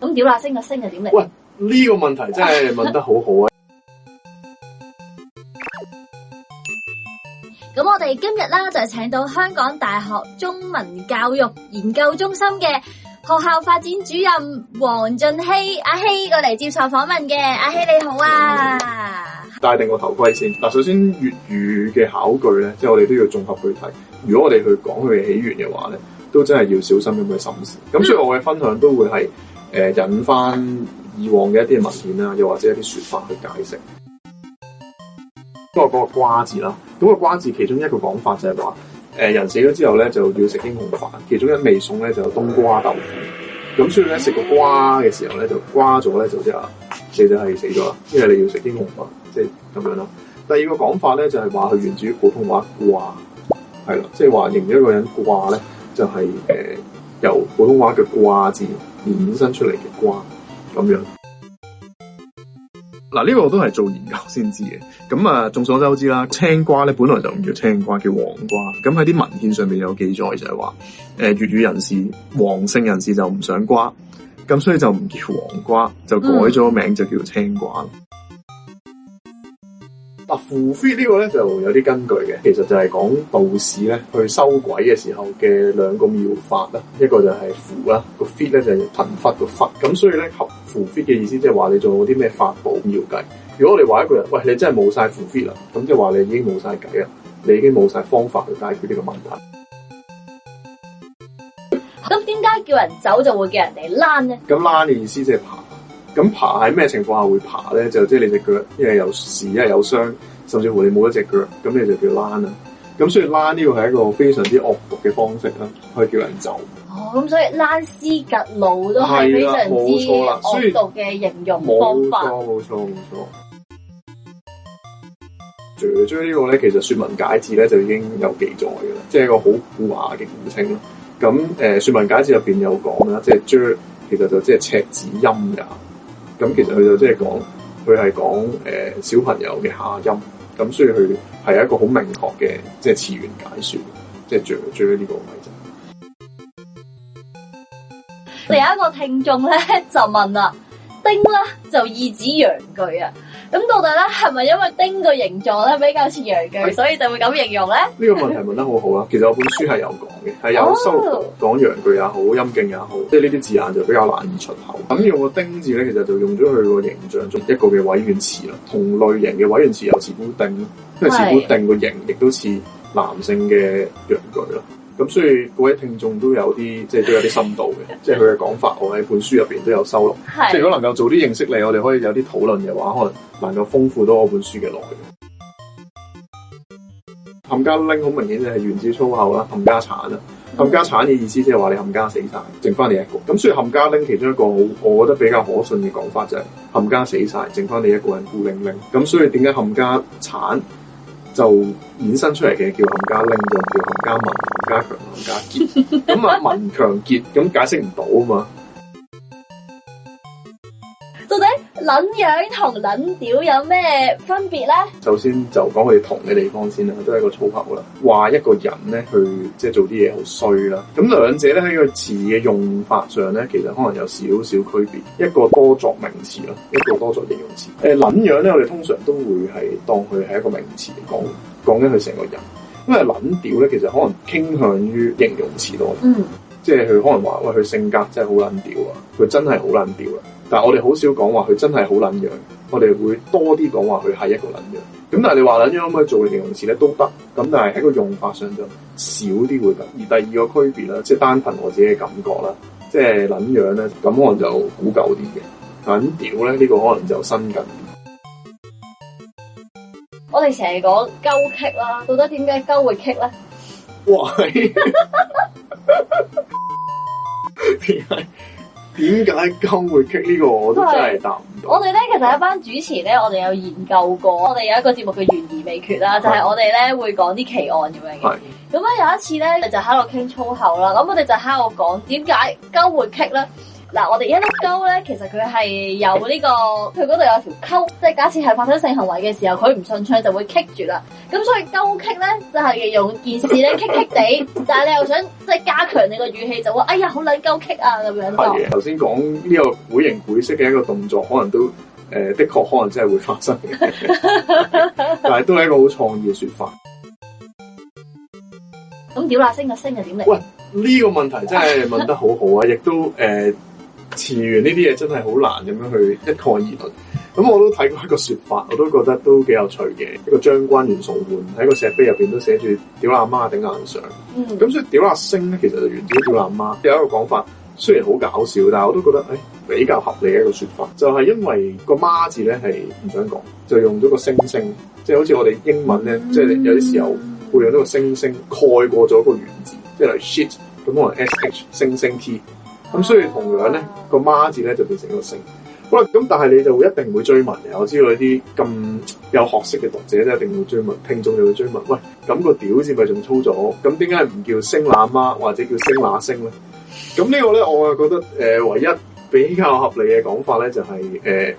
咁屌啦，升就升就點嚟？喂，呢、這個問題真係問得好好啊！咁 我哋今日啦，就請到香港大學中文教育研究中心嘅學校發展主任王晉熙，阿熙過嚟接受訪問嘅。阿熙你好啊！嗯、戴定個頭盔先嗱。首先粵語嘅考據咧，即、就、係、是、我哋都要綜合去睇。如果我哋去講佢嘅起源嘅話咧，都真係要小心咁去審視。咁所以我嘅分享都會係。嗯誒引翻以往嘅一啲文獻啦，又或者一啲說法去解釋。不過講個瓜字啦，咁個瓜字其中一個講法就係話、呃，人死咗之後咧就要食英雄飯，其中一味餸咧就有冬瓜豆腐。咁所以咧食個瓜嘅時候咧就瓜咗咧就即係死就係死咗啦，因為你要食英雄飯，即係咁樣啦。第二個講法咧就係話佢源自於普通話瓜」，係啦，即係話認咗一個人瓜呢」咧就係、是、誒、呃、由普通話嘅瓜字。衍生出嚟嘅瓜咁樣，嗱、啊、呢、呢個都係做研究先知嘅。咁啊，眾所周知啦，青瓜咧本來就唔叫青瓜，叫黃瓜。咁喺啲文獻上面有記載就係，就係話，誒粵語人士、黃姓人士就唔想瓜，咁所以就唔叫黃瓜，就改咗名、嗯、就叫青瓜。嗱，符 fit 呢個咧就有啲根據嘅，其實就係講道士咧去收鬼嘅時候嘅兩個妙法啦，一個就係符啦，個 fit 咧就係塵拂個拂，咁所以咧合符 fit 嘅意思即係話你做啲咩法寶妙計。如果我哋話一個人，喂，你真係冇曬符 fit 啦，咁即係話你已經冇曬計啊，你已經冇曬方法去解決呢個問題。咁點解叫人走就會叫人哋躝咧？咁躝嘅意思即係咁爬喺咩情況下會爬咧？就即係你隻腳，因為有事，因為有傷，甚至乎你冇咗隻腳，咁你就叫躝啦。咁所以躝呢個係一個非常之惡毒嘅方式啦，可以叫人走。哦，咁所以躝屍趷路都係非常之惡毒嘅形容方法。冇錯、哦，冇錯，冇錯。捽捽呢個咧，其實《說文解字》咧就已經有記載噶啦，即、就、係、是、一個好古雅嘅古稱啦。咁誒，呃，《說文解字》入邊有講啦，即係捽，其實就即係赤子陰噶。咁其實佢就即係講，佢係講誒小朋友嘅下音，咁所以佢係有一個好明確嘅即係詞源解説，即係最最呢個位置。另一個聽眾咧就問啦，丁咧就意指陽具啊。咁到底咧，係咪因為丁個形狀咧比較似陽具，是所以就會咁形容咧？呢個問題問得好好啦，其實我本書係有講嘅，係有書、oh. 講陽具也好，陰莖也好，即係呢啲字眼就比較難以出口。咁用個丁字咧，其實就用咗佢個形象做一個嘅委婉詞啦。同類型嘅委婉詞有慈姑椗，因為是慈姑椗個形亦都似男性嘅陽具啦。咁所以各位聽眾都有啲即係都有啲深度嘅，即係佢嘅講法，我喺本書入邊都有收錄。是即係如果能夠早啲認識你，我哋可以有啲討論嘅話，可能能夠豐富多我本書嘅內容。冚家拎好明顯就係源自粗口啦，冚家鏟啊！冚、嗯、家鏟嘅意思即係話你冚家死晒，剩翻你一個。咁所以冚家拎其中一個我覺得比較可信嘅講法就係冚家死晒，剩翻你一個人孤零零。咁所以點解冚家鏟就衍生出嚟嘅叫冚家拎，就唔叫冚家文。加強啊，加結咁啊， 文強結咁解釋唔到啊嘛？到底撚樣同撚屌有咩分別咧？首先就講佢哋同嘅地方先啦，都係一個粗口啦。話一個人咧去即係做啲嘢好衰啦。咁兩者咧喺個詞嘅用法上咧，其實可能有少少區別。一個多作名詞咯，一個多作形容詞。誒、呃，撚樣咧，我哋通常都會係當佢係一個名詞講，講緊佢成個人。因為撚屌咧，其實可能傾向於形容詞多，嗯，即係佢可能話喂，佢性格真係好撚屌啊，佢真係好撚屌啊。但係我哋好少講話佢真係好撚樣，我哋會多啲講話佢係一個撚樣。咁但係你話撚樣咁去做嘅形容詞咧都得，咁但係喺個用法上就少啲會得。而第二個區別咧，即係單憑我自己嘅感覺啦，即係撚樣咧，咁可能就古舊啲嘅，撚屌咧呢，呢個可能就新近。我哋成日講鳩噏啦，到底點解鳩會噏咧？喂，點解點解鳩會噏呢、這個我都真係答唔到。對我哋咧其實一班主持咧，我哋有研究過，我哋有一個節目嘅懸疑未決啦，就係、是、我哋咧會講啲奇案咁樣嘅。咁咧對有一次咧，就喺度傾粗口啦，咁我哋就喺度講點解鳩會噏咧。嗱，我哋一粒鳩咧，其實佢係有呢、這個，佢嗰度有條溝，即係假設係發生性行為嘅時候，佢唔順暢就會棘住啦。咁所以鳩棘咧，就係、是、用件事咧棘棘地，卡卡 但係你又想即係加強你個語氣，就話哎呀，好撚鳩棘啊咁樣說。頭先講呢個鬼形鬼式嘅一個動作，可能都誒、呃、的確可能真係會發生的 但係都係一個好創意嘅說法。咁屌喇星嘅星又點嚟？喂，呢、這個問題真係問得好好啊，亦 都誒。呃詞源呢啲嘢真係好難咁樣去一概而論，咁我都睇過一個說法，我都覺得都幾有趣嘅。一個將軍袁崇煥，喺個石碑入面都寫住屌阿媽頂硬上，咁、mm hmm. 所以屌阿星咧其實就原、是、自「屌阿媽，有一個講法，雖然好搞笑，但係我都覺得誒、哎、比較合理一個說法，就係、是、因為、那個媽字咧係唔想講，就用咗個星星，即、就、係、是、好似我哋英文咧，即係、mm hmm. 有啲時候會用到個星星蓋過咗個原字，即係嚟 shit 咁可能 s h 星星 t。咁所以同樣咧，個媽字咧就變成一個星。好啦，咁但係你就一定會追問嘅。我知道啲咁有學識嘅讀者咧，一定會追問；聽眾就會追問。喂，咁、個屌字咪仲粗咗？咁點解唔叫星乸媽，或者叫星乸星咧？咁呢個咧，我啊覺得誒、呃、唯一比較合理嘅講法咧，就係誒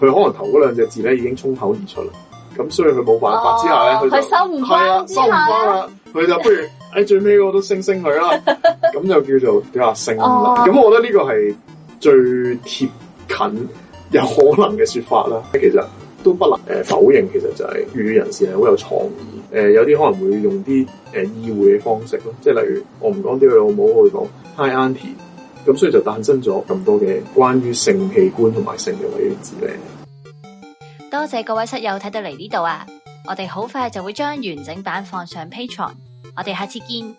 佢可能頭嗰兩隻字咧已經衝口而出啦。咁所以佢冇辦法、哦、之下咧，佢收唔翻。係啊，收唔翻啦。佢、啊、就不如喺、哎、最尾嗰度星星佢啦。 咁就叫做比較性啦，咁、oh。我覺得呢個係最貼近有可能嘅說法啦。其實都不能誒、呃、否認，其實就係粵語人士係好有創意。誒、呃，有啲可能會用啲誒意會嘅方式咯，即係例如我唔講啲佢老母，我嚟講 Hi Auntie，咁所以就誕生咗咁多嘅關於性器官同埋性嘅呢啲字咧。多謝各位室友睇到嚟呢度啊，我哋好快就會將完整版放上 Patreon，我哋下次見。